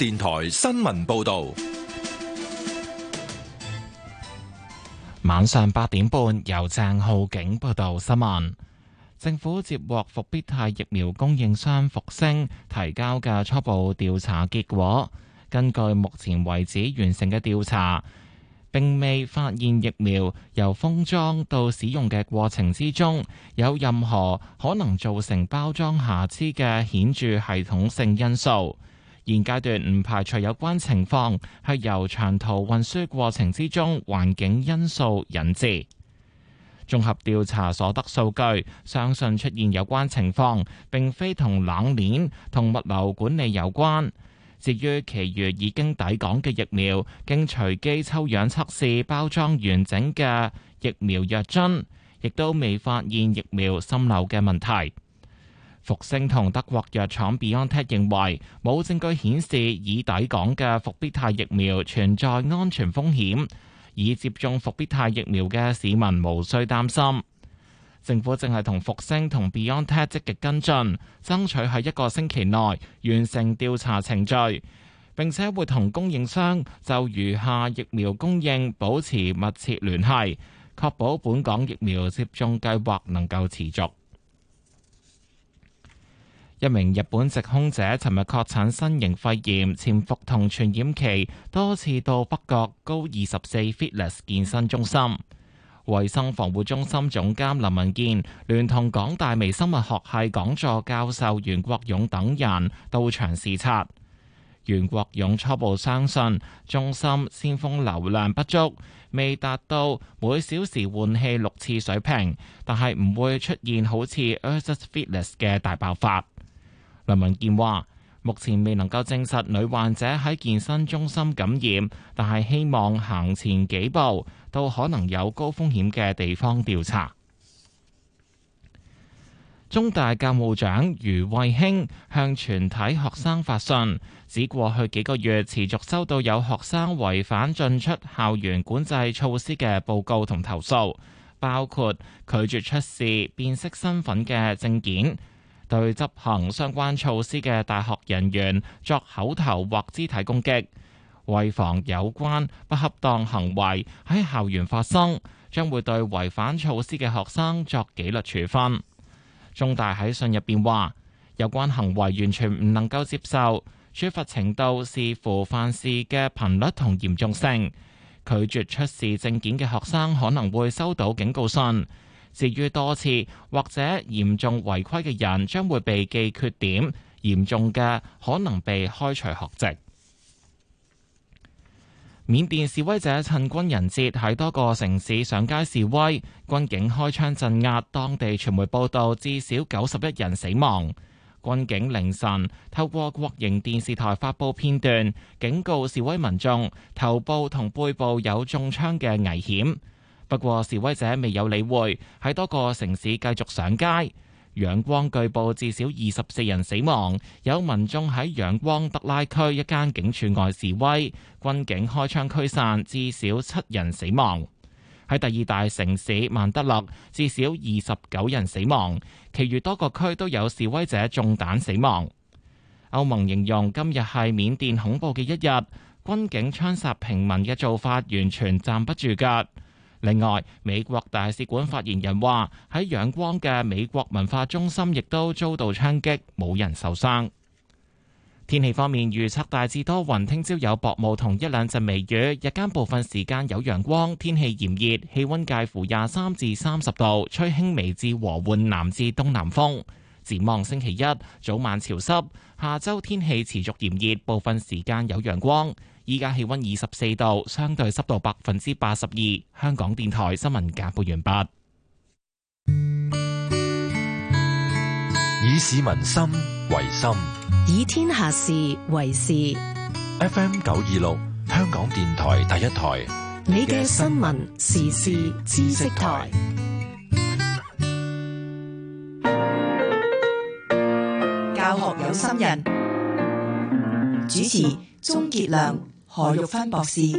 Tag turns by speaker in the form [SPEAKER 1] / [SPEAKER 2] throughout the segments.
[SPEAKER 1] 電台新聞報道，
[SPEAKER 2] 晚上八點半由鄭浩景報道新聞。政府接獲復必泰疫苗供應商復星提交嘅初步調查結果，根據目前為止完成嘅調查，並未發現疫苗由封裝到使用嘅過程之中有任何可能造成包裝瑕疵嘅顯著系統性因素。現階段唔排除有關情況係由長途運輸過程之中環境因素引致。綜合調查所得數據，相信出現有關情況，並非同冷鏈同物流管理有關。至於其餘已經抵港嘅疫苗，經隨機抽樣測試，包裝完整嘅疫苗藥樽，亦都未發現疫苗滲漏嘅問題。復星同德國藥廠 Biontech 認為，冇證據顯示已抵港嘅復必泰疫苗存在安全風險，已接種復必泰疫苗嘅市民無需擔心。政府正係同復星同 Biontech 積極跟進，爭取喺一個星期內完成調查程序，並且會同供應商就餘下疫苗供應保持密切聯繫，確保本港疫苗接種計劃能夠持續。一名日本籍空姐，尋日確診新型肺炎潛伏同傳染期，多次到北角高二十四 Fitness 健身中心。衛生防護中心總監林文健聯同港大微生物學系講座教授袁國勇等人到場視察。袁國勇初步相信中心先鋒流量不足，未達到每小時換氣六次水平，但係唔會出現好似 Ursus Fitness 嘅大爆發。梁文健話：目前未能夠證實女患者喺健身中心感染，但係希望行前幾步到可能有高風險嘅地方調查。中大教務長余慧卿向全體學生發信，指過去幾個月持續收到有學生違反進出校園管制措施嘅報告同投訴，包括拒絕出示辨識身份嘅證件。對執行相關措施嘅大學人員作口頭或肢體攻擊，為防有關不恰當行為喺校園發生，將會對違反措施嘅學生作紀律處分。中大喺信入邊話，有關行為完全唔能夠接受，處罰程度視乎犯事嘅頻率同嚴重性。拒絕出示證件嘅學生可能會收到警告信。至於多次或者嚴重違規嘅人，將會被記缺點；嚴重嘅可能被開除學籍。緬甸示威者趁軍人節喺多個城市上街示威，軍警開槍鎮壓，當地傳媒報道至少九十一人死亡。軍警凌晨透過國營電視台發布片段，警告示威民眾頭部同背部有中槍嘅危險。不過，示威者未有理會，喺多個城市繼續上街。仰光據報至少二十四人死亡，有民眾喺仰光德拉區一間警署外示威，軍警開槍驅散，至少七人死亡。喺第二大城市曼德勒，至少二十九人死亡，其餘多個區都有示威者中彈死亡。歐盟形容今日係緬甸恐怖嘅一日，軍警槍殺平民嘅做法完全站不住腳。另外，美國大使館發言人話：喺仰光嘅美國文化中心亦都遭到槍擊，冇人受傷。天氣方面預測大致多雲，聽朝有薄霧同一兩陣微雨，日間部分時間有陽光，天氣炎熱，氣温介乎廿三至三十度，吹輕微至和緩南至東南風。展望星期一早晚潮濕，下週天氣持續炎熱，部分時間有陽光。依家氣溫二十四度，相對濕度百分之八十二。香港電台新聞簡報完畢。
[SPEAKER 3] 以市民心為心，
[SPEAKER 4] 以天下事為事。
[SPEAKER 3] FM 九二六，香
[SPEAKER 2] 港電台第一台，
[SPEAKER 4] 你嘅新聞時事知識台，
[SPEAKER 5] 教學有心人。主持：鍾杰良、何玉芬博士。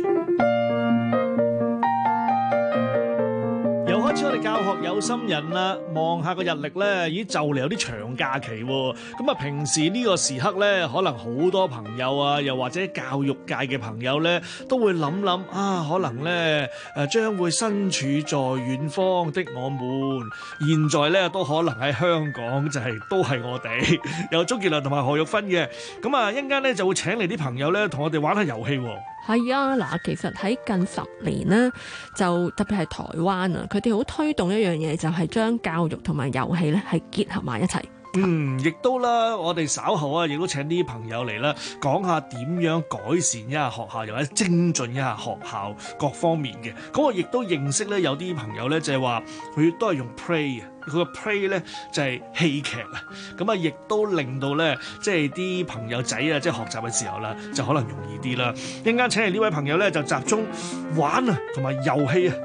[SPEAKER 1] 教學有心人啦，望下個日曆咧，已經就嚟有啲長假期喎。咁啊，平時呢個時刻咧，可能好多朋友啊，又或者教育界嘅朋友咧，都會諗諗啊，可能咧誒，將會身處在遠方的我們，現在咧都可能喺香港，就係都係我哋。有周杰倫同埋何玉芬嘅，咁啊，一陣間咧就會請嚟啲朋友咧，同我哋玩下遊戲。
[SPEAKER 5] 係啊，嗱，其實喺近十年咧，就特別係台灣啊，佢哋好推動一樣嘢，就係將教育同埋遊戲咧係結合埋一齊。
[SPEAKER 1] 嗯，亦都啦，我哋稍後啊，亦都請啲朋友嚟啦，講下點樣改善一下學校，又或者精進一下學校各方面嘅。咁我亦都認識咧，有啲朋友咧就係話佢都係用 play，佢個 play 咧就係戲劇啊。咁啊，亦都令到咧，即係啲朋友仔啊，即係學習嘅時候啦，就可能容易啲啦。陣間請嚟呢位朋友咧，就集中玩啊，同埋遊戲啊。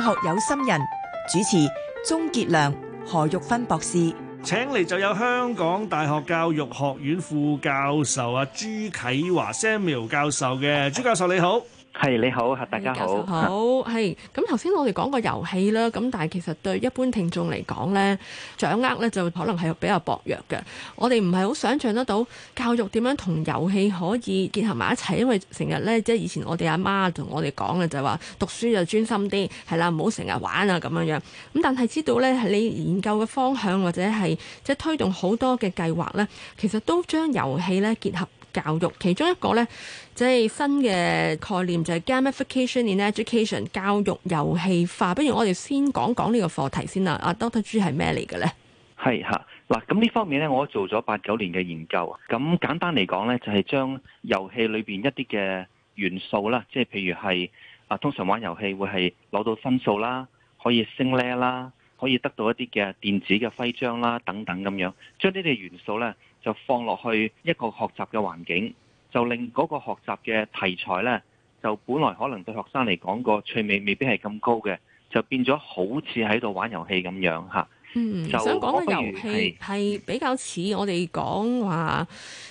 [SPEAKER 5] 學有心人
[SPEAKER 1] 主持，鍾杰良、何玉芬博士，請嚟就有香港大學教育學院副教授阿朱啟華 Samuel 教授嘅。朱
[SPEAKER 3] 教授，你好。係，hey，你好，大家好。
[SPEAKER 5] Hey，好係咁，頭先 我哋講個遊戲啦，咁但係其實對一般聽眾嚟講呢，掌握呢就可能係比較薄弱嘅。我哋唔係好想像得到教育點樣同遊戲可以結合埋一齊，因為成日呢，即係以前我哋阿媽同我哋講嘅就係話讀書就專心啲，係啦，唔好成日玩啊咁樣樣。咁但係知道呢，你研究嘅方向或者係即係推動好多嘅計劃呢，其實都將遊戲呢結合。教育其中一個咧，即係新嘅概念，就係 gamification in education，教育遊戲化。不如我哋先講講呢個課題先啦。阿 Doctor G 係咩嚟嘅咧？
[SPEAKER 3] 係嚇嗱，咁呢方面咧，我做咗八九年嘅研究。咁簡單嚟講咧，就係將遊戲裏邊一啲嘅元素啦，即係譬如係啊，通常玩遊戲會係攞到分數啦，可以升 level 啦，可以得到一啲嘅電子嘅徽章啦，等等咁樣，將呢啲元素咧。就放落去一個學習嘅環境，就令嗰個學習嘅題材咧，就本來可能對學生嚟講個趣味未必係咁高嘅，就變咗好似喺度玩遊戲咁樣吓。
[SPEAKER 5] 嗯，就想講個遊戲係比較似我哋講話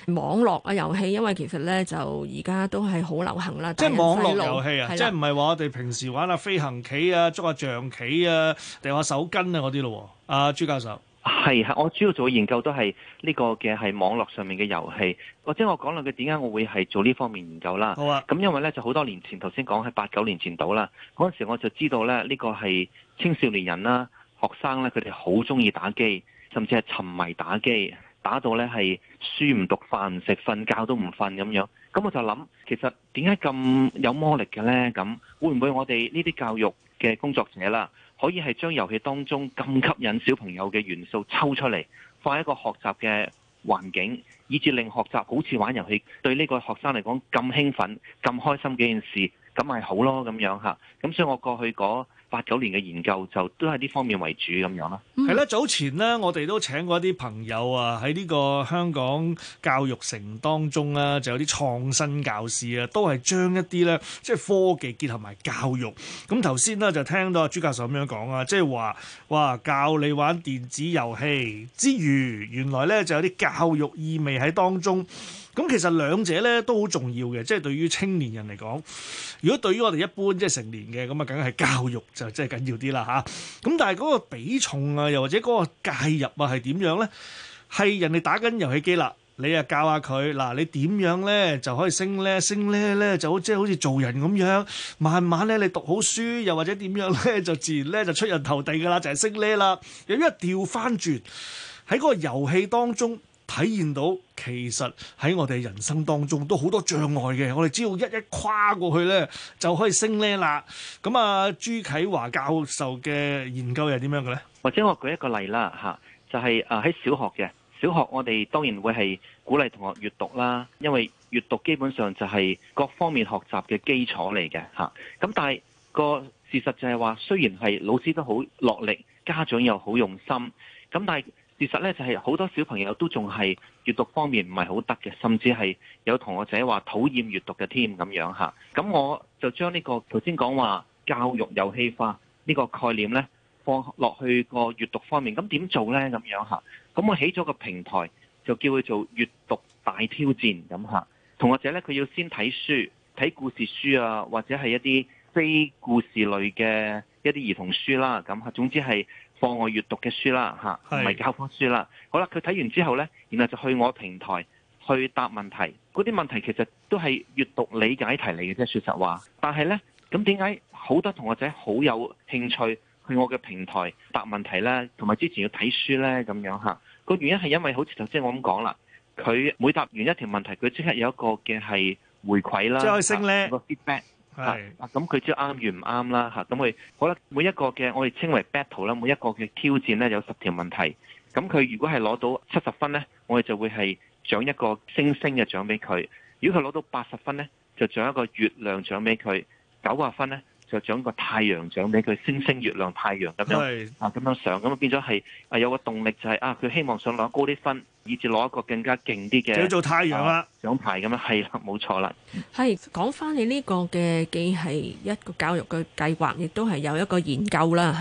[SPEAKER 5] 網絡啊遊戲，因為其實咧就而家都係好流行啦。即係網絡遊戲啊，即係
[SPEAKER 1] 唔係話我哋平時玩下飛行棋啊、捉下象棋啊、定下手巾啊嗰啲咯？阿、啊、朱教授。
[SPEAKER 3] 係係，我主要做嘅研究都係呢個嘅係網絡上面嘅遊戲。或者我講落去點解我會係做呢方面研究啦。好啊。咁因為咧就好多年前，頭先講喺八九年前度啦。嗰陣時我就知道咧，呢個係青少年人啦、學生咧，佢哋好中意打機，甚至係沉迷打機，打到咧係書唔讀、飯唔食、瞓覺都唔瞓咁樣。咁我就諗，其實點解咁有魔力嘅咧？咁會唔會我哋呢啲教育嘅工作者啦，可以係將遊戲當中咁吸引小朋友嘅元素抽出嚟，放喺一個學習嘅環境，以至令學習好似玩遊戲對呢個學生嚟講咁興奮、咁開心嘅件事，咁咪好咯咁樣吓。咁所以我過去嗰八九年嘅研究就都係呢方面為主咁樣啦，
[SPEAKER 1] 係啦、嗯，早前呢，我哋都請過一啲朋友啊，喺呢個香港教育城當中啊，就有啲創新教師啊，都係將一啲咧即係科技結合埋教育。咁頭先呢，就聽到阿朱教授咁樣講啊，即係話哇教你玩電子遊戲之餘，原來咧就有啲教育意味喺當中。咁其實兩者咧都好重要嘅，即係對於青年人嚟講。如果對於我哋一般即係成年嘅，咁啊梗係教育就真係緊要啲啦嚇。咁但係嗰個比重啊，又或者嗰個介入啊係點樣咧？係人哋打緊遊戲機啦，你啊教下佢嗱，你點樣咧就可以升咧升咧咧，就好即係好似做人咁樣，慢慢咧你讀好書又或者點樣咧，就自然咧就出人頭地噶啦，就係升咧啦。由於掉返轉喺嗰個遊戲當中。體現到其實喺我哋人生當中都好多障礙嘅，我哋只要一一跨過去呢，就可以升 level 啦。咁啊，朱啟華教授嘅研究係點樣嘅呢？
[SPEAKER 3] 或者我舉一個例啦嚇，就係誒喺小學嘅小學，小學我哋當然會係鼓勵同學閱讀啦，因為閱讀基本上就係各方面學習嘅基礎嚟嘅嚇。咁但係個事實就係話，雖然係老師都好落力，家長又好用心，咁但係。其實咧就係好多小朋友都仲係閱讀方面唔係好得嘅，甚至係有同學仔話討厭閱讀嘅添咁樣吓，咁我就將呢個頭先講話教育遊戲化呢個概念咧放落去個閱讀方面，咁點做咧？咁樣吓，咁我起咗個平台，就叫佢做閱讀大挑戰咁吓，同學仔咧，佢要先睇書，睇故事書啊，或者係一啲非故事類嘅一啲兒童書啦，咁吓。總之係。課外閱讀嘅書啦，吓，唔係教科書啦。是好啦，佢睇完之後咧，然後就去我平台去答問題。嗰啲問題其實都係閱讀理解題嚟嘅，啫。係說實話。但係咧，咁點解好多同學仔好有興趣去我嘅平台答問題咧？同埋之前要睇書咧，咁樣吓。個原因係因為好似頭先我咁講啦，佢每答完一條問題，佢即刻有一個嘅係回饋啦，再升咧。係是啊，咁佢知啱與唔啱啦，吓，咁佢好啦。每一個嘅我哋稱為 battle 啦，每一個嘅挑戰咧有十條問題。咁佢如果係攞到七十分咧，我哋就會係獎一個星星嘅獎俾佢；如果佢攞到八十分咧，就獎一個月亮獎俾佢；九十分咧就獎一個太陽獎俾佢。星星、月亮、太陽咁
[SPEAKER 4] 樣
[SPEAKER 3] 啊，咁是樣上咁啊，樣變咗係啊，有個動力就係啊，佢希望想攞高啲分。以至攞一個更加勁啲嘅，要做太陽啦、啊，獎、啊、牌咁樣，係啦，冇錯啦。
[SPEAKER 5] 係講翻你呢個嘅既係一個教育嘅計劃，亦都係有一個研究啦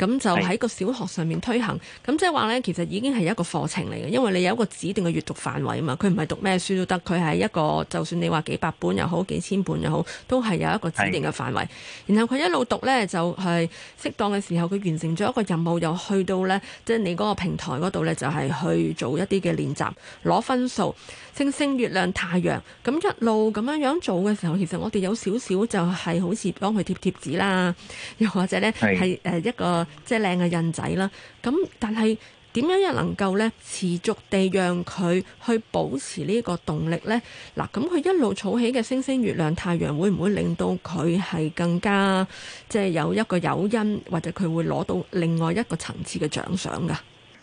[SPEAKER 5] 吓，咁就喺個小學上面推行。咁的即係話呢，其實已經係一個課程嚟嘅，因為你有一個指定嘅閱讀範圍啊嘛。佢唔係讀咩書都得，佢係一個就算你話幾百本又好，幾千本又好，都係有一個指定嘅範圍。的然後佢一路讀呢，就係、是、適當嘅時候，佢完成咗一個任務，又去到呢，即、就、係、是、你嗰個平台嗰度呢，就係去做一啲。嘅練習攞分數，星星、月亮、太陽，咁一路咁樣樣做嘅時候，其實我哋有少少就係好似幫佢貼貼紙啦，又或者呢係誒是一個即係靚嘅印仔啦。咁但係點樣又能夠呢持續地讓佢去保持呢個動力呢？嗱，咁佢一路儲起嘅星星、月亮、太陽，會唔會令到佢係更加即係、就是、有一個誘因，或者佢會攞到另外一個層次嘅獎賞㗎？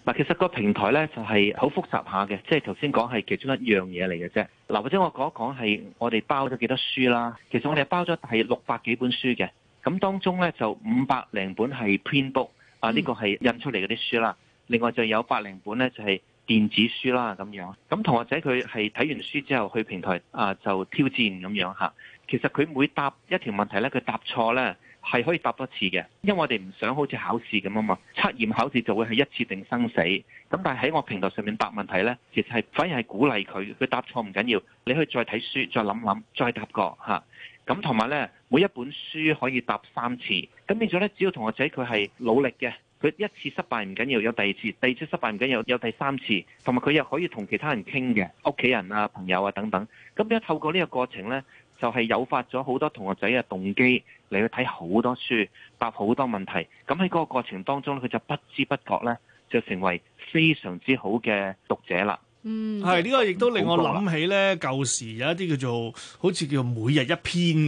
[SPEAKER 3] 嗱，其實個平台咧就係好複雜下嘅，即係頭先講係其中一樣嘢嚟嘅啫。嗱，或者我講一講係我哋包咗幾多書啦。其實我哋包咗係六百幾本書嘅，咁當中咧就五百零本係 print book，啊呢個係印出嚟嗰啲書啦。另外就有百零本咧就係電子書啦咁樣。咁同學仔佢係睇完書之後去平台啊就挑戰咁樣吓。其實佢每答一條問題咧，佢答錯咧，係可以答多次嘅，因為我哋唔想好似考試咁啊嘛，測驗考試就會係一次定生死。咁但係喺我平台上面答問題呢，其實係反而係鼓勵佢，佢答錯唔緊要，你可以再睇書，再諗諗，再答過吓。咁同埋呢，每一本書可以答三次。咁變咗呢，只要同學仔佢係努力嘅，佢一次失敗唔緊要，有第二次，第二次失敗唔緊要，有第三次。同埋佢又可以同其他人傾嘅，屋企人啊、朋友啊等等。咁樣透過呢個過程呢。就係誘發咗好多同學仔嘅動機嚟去睇好多書，答好多問題。咁喺嗰個過程當中，佢就不知不覺咧，就成為非常之好嘅讀者啦。
[SPEAKER 1] 嗯，係呢個亦都令我諗起咧，舊時有一啲叫做好似叫每日一篇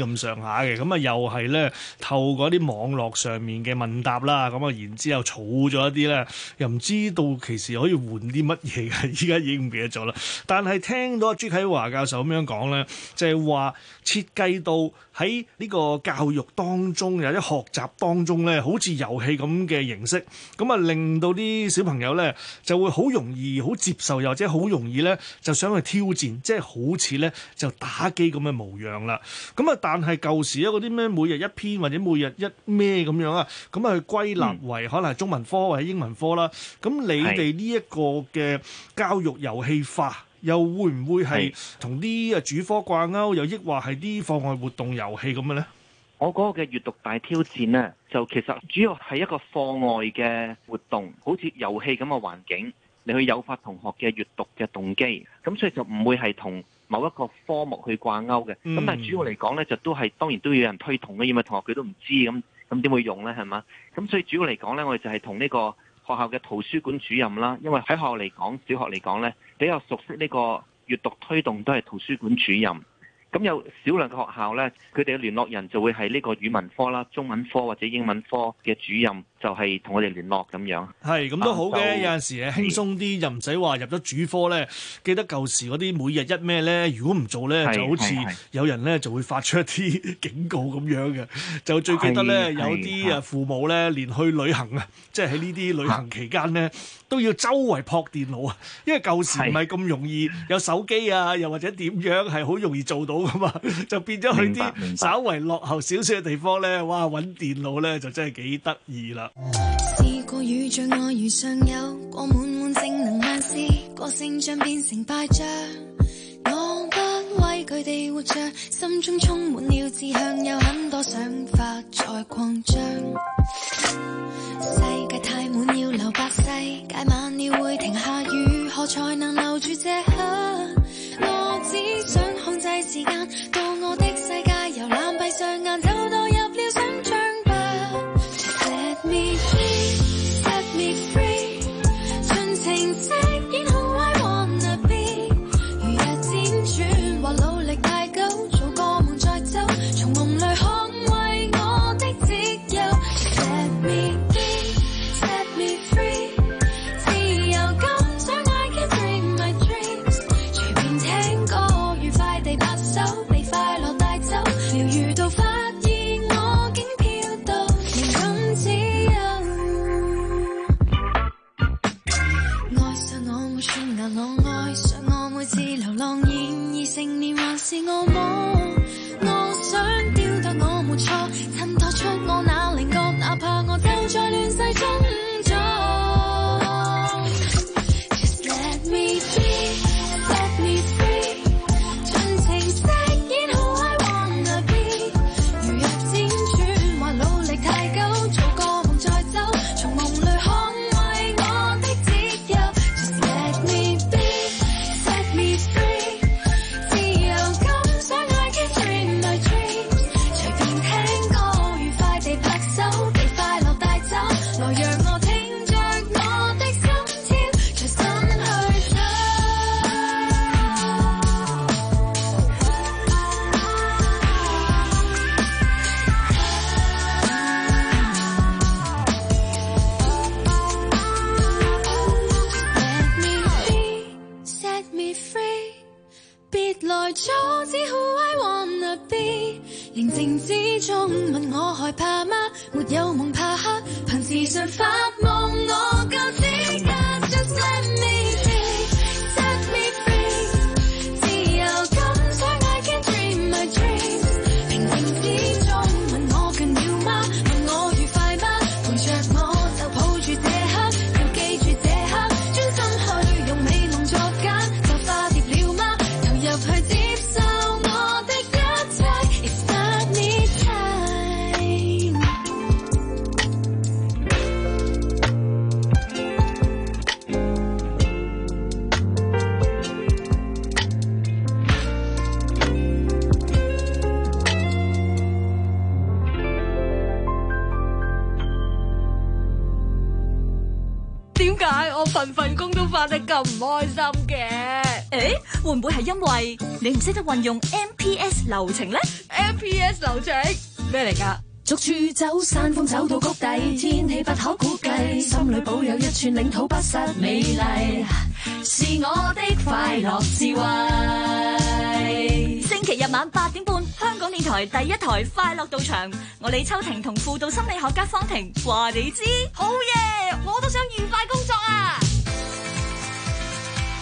[SPEAKER 1] 咁上下嘅，咁啊又係咧透過啲網絡上面嘅問答啦，咁啊然之後儲咗一啲咧，又唔知道其實可以換啲乜嘢嘅，依家已經唔記得咗啦。但係聽到阿朱啟華教授咁樣講咧，就係話設計到喺呢個教育當中有啲學習當中咧，好似遊戲咁嘅形式，咁啊令到啲小朋友咧就會好容易好接受又或者好。好容易咧，就想去挑戰，即係好似咧就打機咁嘅模樣啦。咁啊，但係舊時咧嗰啲咩每日一篇或者每日一咩咁樣啊，咁啊去歸納為可能係中文科或者英文科啦。咁你哋呢一個嘅教育遊戲化，又會唔會係同啲啊主科掛鈎，又抑或係啲課外活
[SPEAKER 3] 動遊戲咁嘅咧？我嗰個嘅閱讀大挑戰咧，就其實主要係一個課外嘅活動，好似遊戲咁嘅環境。你去誘發同學嘅閱讀嘅動機，咁所以就唔會係同某一個科目去掛鈎嘅。咁但係主要嚟講咧，就都係當然都要有人推動嘅，因為同學佢都唔知咁，咁點會用咧？係、嗯、嘛？咁所以主要嚟講咧，我哋就係同呢個學校嘅圖書館主任啦，因為喺學校嚟講，小學嚟講咧，比較熟悉呢個閱讀推動都係圖書館主任。咁有少量嘅學校咧，佢哋嘅聯絡人就會係呢個語文科啦、中文科或者英文科嘅主任。就係同我哋聯絡咁樣，
[SPEAKER 1] 係咁都好嘅。啊、有陣時誒是輕鬆啲，又唔使話入咗主科咧。記得舊時嗰啲每日一咩咧，如果唔做咧，是就好似有人咧就會發出一啲警告咁樣嘅。就最記得咧，有啲誒父母咧，連去旅行啊，即係喺呢啲旅行期間咧，是都要周圍撲電腦啊。因為舊時唔係咁容易是有手機啊，又或者點樣係好容易做到噶嘛，就變咗去啲稍為落後少少嘅地方咧，哇！揾電腦咧就真係幾得意啦～
[SPEAKER 4] 試過與最愛如尚有，過滿滿正能量，試過勝仗變成敗仗。我不畏懼地活着，心中充滿了志向，有很多想法在擴張。世界太滿要留白，世界晚了會停下雨，如何才能留住這刻？我只想控制時間，到我的世界由懶閉上眼。
[SPEAKER 5] 你咁唔開心嘅？誒，會唔會係因為你唔識得運用 MPS 流程咧？MPS 流程咩嚟㗎？逐處走，山峰走到谷底，天氣不可估計，心裏保有一寸領土不失美麗，是我的快樂智慧。星期日晚八點半，香港電台第一台快樂到場，我李秋婷同輔導心理學家方婷話你知。好嘢，我都想愉快工作啊！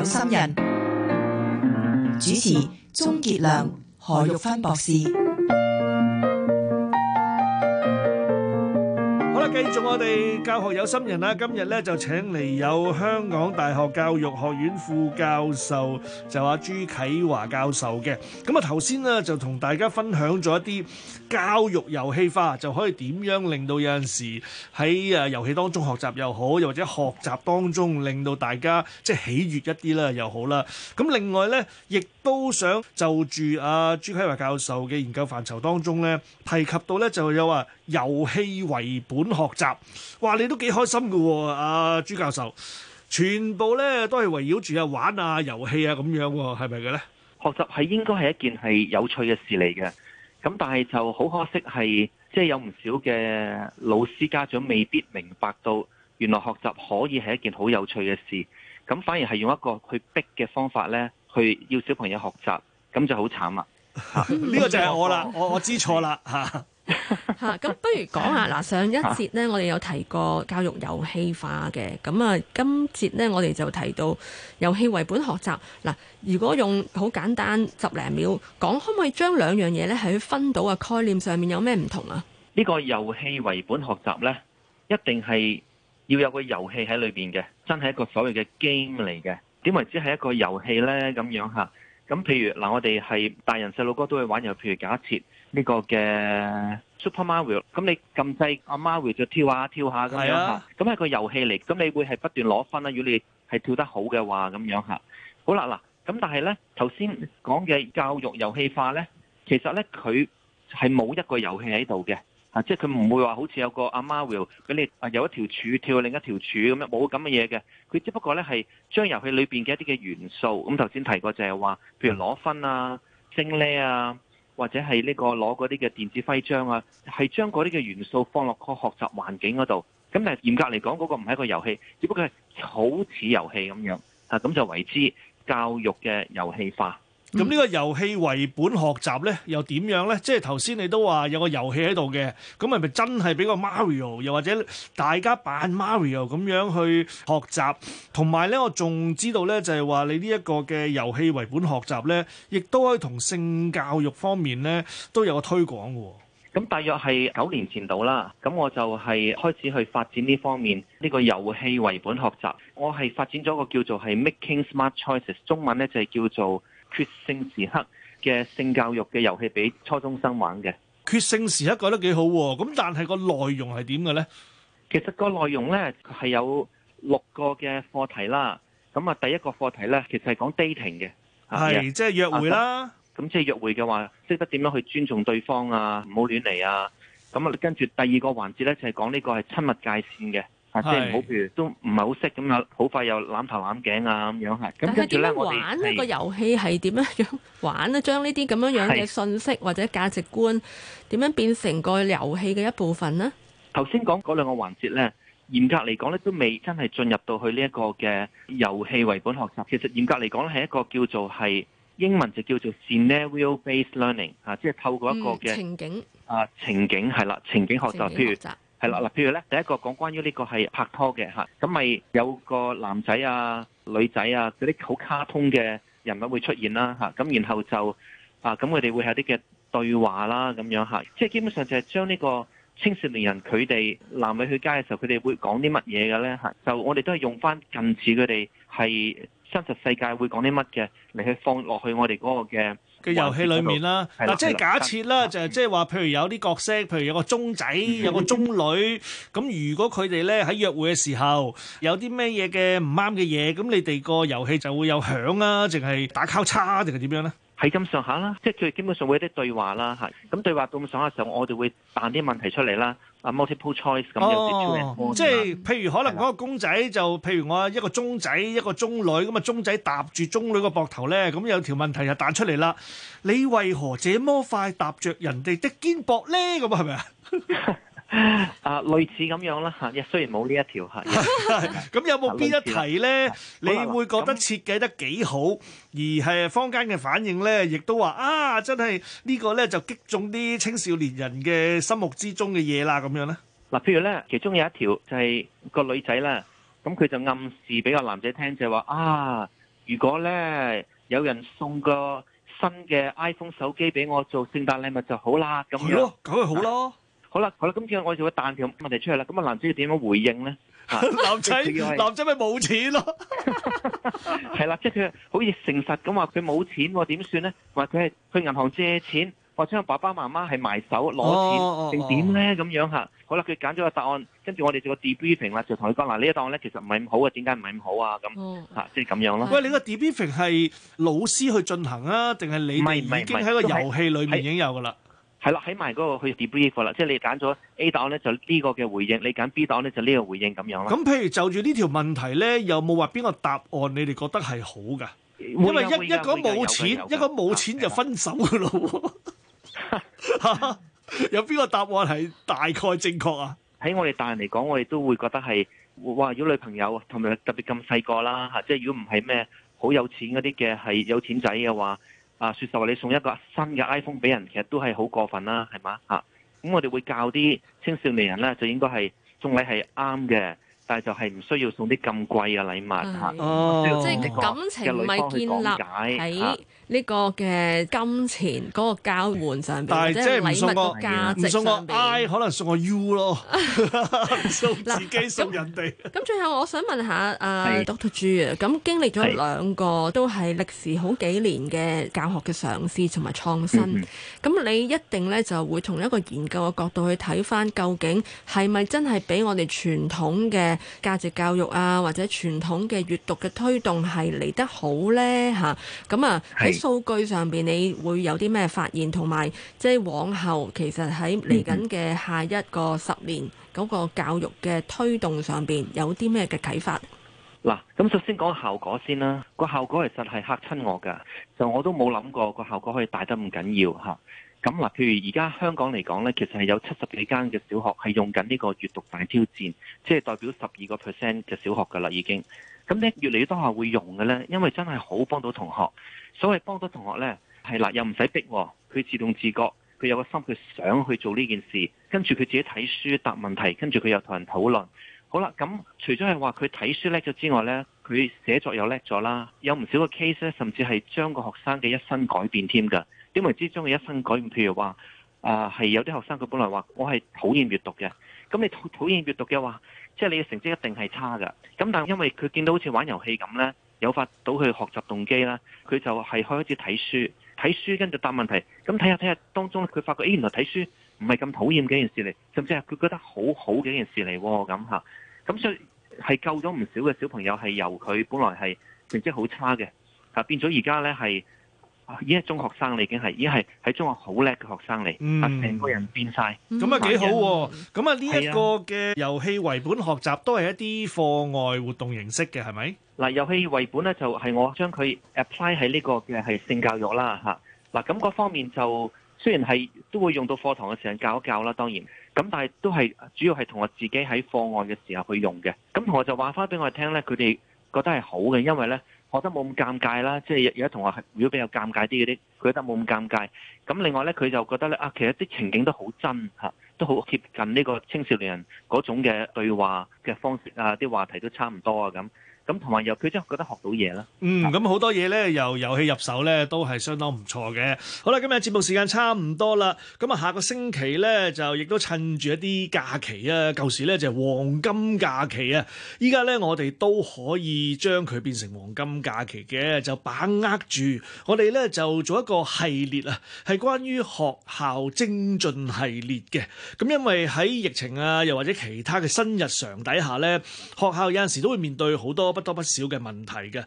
[SPEAKER 1] 有心人，主持鍾傑良、何玉芬博士。繼續我哋教學有心人啦，今日咧就請嚟有香港大學教育學院副教授就阿、啊、朱啟華教授嘅。咁啊頭先咧就同大家分享咗一啲教育遊戲化，就可以點樣令到有陣時喺誒遊戲當中學習又好，又或者學習當中令到大家即係喜悅一啲啦又好啦。咁另外咧，亦都想就住阿、啊、朱啟華教授嘅研究範疇當中咧，提及到咧就有啊遊戲為本學學習，哇！你都幾開心噶，阿、啊、朱教授，全部咧都係圍繞住啊玩啊
[SPEAKER 3] 遊戲啊咁樣，係咪嘅咧？學習係應該係一件係有趣嘅事嚟嘅，咁但係就好可惜係，即、就、係、是、有唔少嘅老師家長未必明白到，原來學習可以係一件好有趣嘅事，咁反而係用一個去逼嘅方法咧，去要小朋友學習，咁就好慘啦。
[SPEAKER 1] 呢 個就係我啦，我我知錯啦。
[SPEAKER 5] 吓，咁、 啊、不如講下嗱，上一節咧我哋有提過教育遊戲化嘅，咁啊今節咧我哋就提到遊戲為本學習。嗱、啊，如果用好簡單十零秒講，可唔可以將兩樣嘢咧喺分到嘅概念上面有咩唔同啊？
[SPEAKER 3] 呢個遊戲為本學習咧，一定係要有個遊戲喺裏邊嘅，真係一個所謂嘅 game 嚟嘅。點為之係一個遊戲咧？咁樣吓。咁譬如嗱，我哋係大人細路哥都會玩遊戲，譬如假設呢個嘅 Super Mario，咁你撳掣，阿 Mario 就跳下跳下咁樣嚇，咁係個遊戲嚟，咁你會係不斷攞分啦。如果你係跳得好嘅話，咁樣嚇。好啦，嗱，咁但係咧，頭先講嘅教育遊戲化咧，其實咧佢係冇一個遊戲喺度嘅。啊！即係佢唔會話好似有個阿 Mario 咁你有一條柱跳另一條柱咁樣，冇咁嘅嘢嘅。佢只不過咧係將遊戲裏邊嘅一啲嘅元素，咁頭先提過就係話，譬如攞分啊、升 level 啊，或者係呢個攞嗰啲嘅電子徽章啊，係將嗰啲嘅元素放落個學習環境嗰度。咁但係嚴格嚟講，嗰、嗰個唔係一個遊戲，只不過係好似遊戲咁樣，啊咁就為之教育嘅遊戲化。
[SPEAKER 1] 咁呢、嗯、個遊戲為本學習呢，又點樣呢？即係頭先你都話有個遊戲喺度嘅，咁係咪真係俾個 Mario，又或者大家扮 Mario 咁樣去學習？同埋呢，我仲知道呢，就係、是、話你呢一個嘅遊戲為本學習呢，亦都可以同性教育方面呢都有個推廣嘅。
[SPEAKER 3] 咁大約係九年前到啦，咁我就係開始去發展呢方面，呢、這個遊戲為本學習，我係發展咗個叫做係 Making Smart Choices，中文呢就係叫做。決勝時刻嘅性教育嘅遊戲俾初中生玩嘅，決勝時刻覺得幾好、啊，咁但係個內容係點嘅咧？其實個內容咧係有六個嘅課題啦，咁啊第一個課題咧其實係講 dating 嘅，
[SPEAKER 1] 係即係約會啦，
[SPEAKER 3] 咁、啊、即係約會嘅話，識得點樣去尊重對方啊，唔好亂嚟啊，咁啊跟住第二個環節咧就係講呢個係親密界線嘅。是擁擁啊，即係好，譬如都唔係好識咁樣，好快又攬頭攬頸啊咁樣，係。咁跟住咧，玩呢而家個遊
[SPEAKER 5] 戲係點樣樣玩咧、啊？將呢啲咁樣、啊、這這樣嘅信息或者價值觀，點樣變成個遊戲嘅一部分呢？
[SPEAKER 3] 頭先講嗰兩個環節咧，嚴格嚟講咧都未真係進入到去呢一個嘅遊戲為本學習。其實嚴格嚟講咧，係一個叫做係英文就叫做 scenario-based learning，啊，即係透過一個嘅情景啊，情景係啦、呃，情景學習，譬如。係啦，嗱，譬如咧，第一個講關於呢個係拍拖嘅嚇，咁咪有個男仔啊、女仔啊嗰啲好卡通嘅人物會出現啦嚇，咁然後就啊，咁佢哋會有啲嘅對話啦咁樣嚇，即係基本上就係將呢個青少年人佢哋男女去街嘅時候，佢哋會講啲乜嘢嘅咧嚇，就我哋都係用翻近似佢哋係真實世界會講啲乜嘅嚟去放落去我哋嗰個嘅。嘅遊戲裏面啦，嗱，即係假
[SPEAKER 1] 設啦，就即係話，譬如有啲角色，譬如有個中仔，嗯、有個中女，咁、嗯、如果佢哋咧喺約會嘅時候有啲咩嘢嘅唔啱嘅嘢，咁你哋個遊戲就會有響啊，
[SPEAKER 3] 淨係打交叉定係點樣咧？喺咁上下啦，即係最基本上會有啲對話啦，嚇咁對話到咁上下時候，我哋會彈啲問題出嚟啦，啊 multiple choice 咁樣嘅 t w 即係
[SPEAKER 1] 譬如可能嗰個公仔就譬如我一個中仔一個中女，咁啊中仔搭住中女個膊頭咧，咁有條問題就彈出嚟啦。你為何這麼快搭着人哋的肩膊咧？咁啊係咪啊？是 啊，類似咁樣啦吓，亦雖然冇呢一條係，咁有冇邊一題咧？你會覺得設計得幾好，而係坊間嘅反應咧，亦都話啊，真係呢個咧就擊中啲青少年人嘅心目之中嘅嘢啦，咁樣咧。
[SPEAKER 3] 嗱，譬如咧，其中有一條就係個女仔咧，咁佢就暗示俾個男仔聽就係話啊，如果咧有人送個新嘅 iPhone 手機俾我做聖誕禮物就好啦，咁樣係咯，梗係好咯。好啦，好啦，咁而家我哋做個彈條問題出嚟啦，咁啊男仔要點樣回應咧？ 男仔生，男
[SPEAKER 1] 仔咪冇錢
[SPEAKER 3] 咯，係啦，即係佢好似誠實咁話佢冇錢，點算咧？話佢係去銀行借錢，或者阿爸爸媽媽係賣手攞錢定點咧？咁樣吓，好啦，佢揀咗個答案，跟住我哋做個 debriefing 啦，就同佢講嗱，呢、啊、一答案咧其實唔係咁好啊，點解唔係咁好啊？咁吓，即係咁樣咯。喂，你個 debriefing 係老師去進行啊，定係你哋已經喺個遊戲裏面已經有噶啦？係啦，喺埋嗰個去 debrief 啦，即係你揀咗 A 檔咧就呢個嘅回應，你揀 B 檔咧就呢個回應咁樣啦。咁
[SPEAKER 1] 譬如就住呢條問題咧，有冇話邊個答案你哋覺得係好噶？因
[SPEAKER 3] 為一個 一個冇錢，一個
[SPEAKER 1] 冇錢就分手噶咯。
[SPEAKER 3] 有 邊 個答案係大概正確啊？喺 我哋大人嚟講，我哋都會覺得係哇，如果女朋友同埋特別咁細個啦吓，即係如果唔係咩好有錢嗰啲嘅，係有錢仔嘅話。啊，說實話，你送一個新嘅 iPhone 俾人，其實都係好過分啦，啊，係咪？嚇，啊，咁我哋會教啲青少年人呢，就應該係送禮係啱嘅。但係就係唔需要送啲咁貴嘅禮物嚇，即係感情唔係建立喺
[SPEAKER 5] 呢個嘅金錢嗰個交換上邊，即係禮物嘅價值。唔送我
[SPEAKER 1] I，可能送我 U 咯，唔送自己送人哋。
[SPEAKER 5] 咁最後我想問下阿 Doctor G 啊，咁經歷咗兩個都係歷時好幾年嘅教學嘅嘗試同埋創新，咁你一定咧就會從一個研究嘅角度去睇翻，究竟係咪真係俾我哋傳統嘅？價值教育啊，或者傳統嘅閱讀嘅推動係嚟得好呢？嚇、啊。咁啊喺數據上邊，你會有啲咩發現？同埋即係往後，其實喺嚟緊嘅下一個十年嗰、嗯、個教育嘅推動上邊，有啲咩嘅啟發
[SPEAKER 3] 嗱？咁首先講效果先啦。個效果其實係嚇親我㗎，就我都冇諗過個效果可以大得咁緊要嚇。咁嗱，譬如而家香港嚟講呢，其實係有七十幾間嘅小學係用緊呢個閱讀大挑戰，即係代表十二個 percent 嘅小學㗎啦，已經。咁呢，越嚟越多學校會用嘅呢，因為真係好幫到同學。所謂幫到同學呢，係啦，又唔使逼，佢自動自覺，佢有個心，佢想去做呢件事，跟住佢自己睇書答問題，跟住佢又同人討論。好啦，咁除咗係話佢睇書叻咗之外呢，佢寫作又叻咗啦，有唔少嘅 case 咧，甚至係將個學生嘅一生改變添㗎。點為之中嘅一生改變？譬如話，啊、呃、係有啲學生佢本來話我係討厭閱讀嘅，咁你討討厭閱讀嘅話，即、就、係、是、你嘅成績一定係差嘅。咁但係因為佢見到好似玩遊戲咁咧，誘發到佢學習動機啦，佢就係開始睇書，睇書跟住答問題。咁睇下睇下當中佢發覺誒、欸、原來睇書唔係咁討厭嘅一件事嚟，甚至係佢覺得好好嘅一件事嚟、啊、喎。咁吓，咁所以係救咗唔少嘅小朋友係由佢本來係成績好差嘅，啊，變咗而家咧係。已依家中學生你已經係，依家係喺中學好叻嘅學生嚟，啊成、嗯、個人變晒。咁啊幾好喎！咁啊呢一個嘅遊
[SPEAKER 1] 戲為本學習都
[SPEAKER 3] 係一啲課外活動形式嘅係咪？嗱、嗯、遊戲為本咧就係我將佢 apply 喺呢個嘅係性教育啦嚇，嗱咁嗰方面就雖然係都會用到課堂嘅時候教一教啦，當然咁但係都係主要係同學自己喺課外嘅時候去用嘅。咁、嗯、同學就話翻俾我哋聽咧，佢哋覺得係好嘅，因為咧，我覺得冇咁尷尬啦，即係有有啲同學係如果比較尷尬啲嗰啲，佢覺得冇咁尷尬。咁另外呢，佢就覺得咧啊，其實啲情景都好真嚇，都好貼近呢個青少年人嗰種嘅對話嘅方式啊，啲話題都差唔多啊咁。咁同埋又佢真係覺
[SPEAKER 1] 得學到嘢啦。嗯，咁好多嘢咧，由遊戲入手咧，都係相當唔錯嘅。好啦，今日節目時間差唔多啦，咁啊，下個星期咧就亦都趁住一啲假期啊，舊時咧就係黃金假期啊，依家咧我哋都可以將佢變成黃金假期嘅，就把握住。我哋咧就做一個系列啊，係關於學校精進系列嘅。咁因為喺疫情啊，又或者其他嘅新日常底下咧，學校有陣時都會面對好多。多不少嘅問題嘅，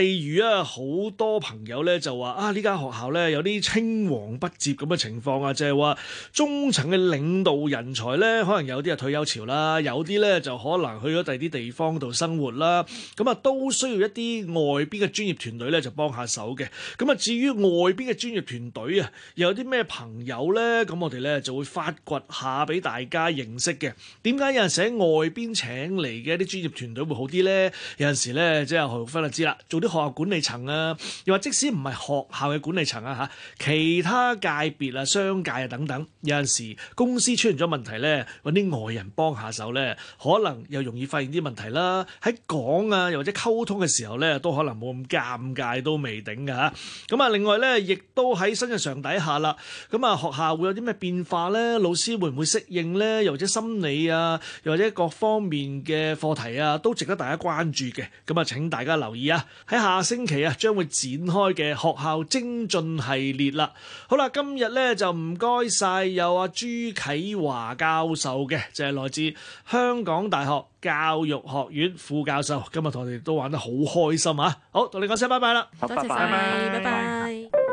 [SPEAKER 1] 例如啊，好多朋友咧就話啊，呢間學校咧有啲青黃不接咁嘅情況啊，即係話中層嘅領導人才咧，可能有啲啊退休潮啦，有啲咧就可能去咗第二啲地方度生活啦，咁啊都需要一啲外邊嘅專業團隊咧就幫下手嘅。咁啊，至於外邊嘅專業團隊啊，又有啲咩朋友咧，咁我哋咧就會發掘下俾大家認識嘅。點解有陣時喺外邊請嚟嘅一啲專業團隊會好啲咧？有陣時咧，即係何玉芬就知啦，做啲學校管理層啊，又話即使唔係學校嘅管理層啊嚇，其他界別啊、商界啊等等，有陣時公司出現咗問題咧，揾啲外人幫下手咧，可能又容易發現啲問題啦。喺講啊，又或者溝通嘅時候咧，都可能冇咁尷尬，都未定㗎吓。咁啊，另外咧，亦都喺新日常底下啦，咁啊，學校會有啲咩變化咧？老師會唔會適應咧？又或者心理啊，又或者各方面嘅課題啊，都值得大家關注。嘅，咁啊請大家留意啊，喺下星期啊將會展開嘅學校精進系列啦。好啦，今日咧就唔該晒有阿朱啟華教授嘅，就係來自香港大學教育學院副教授。今日同你哋都玩得好開心啊！好，同你講聲拜拜啦，多謝
[SPEAKER 4] 曬，拜拜。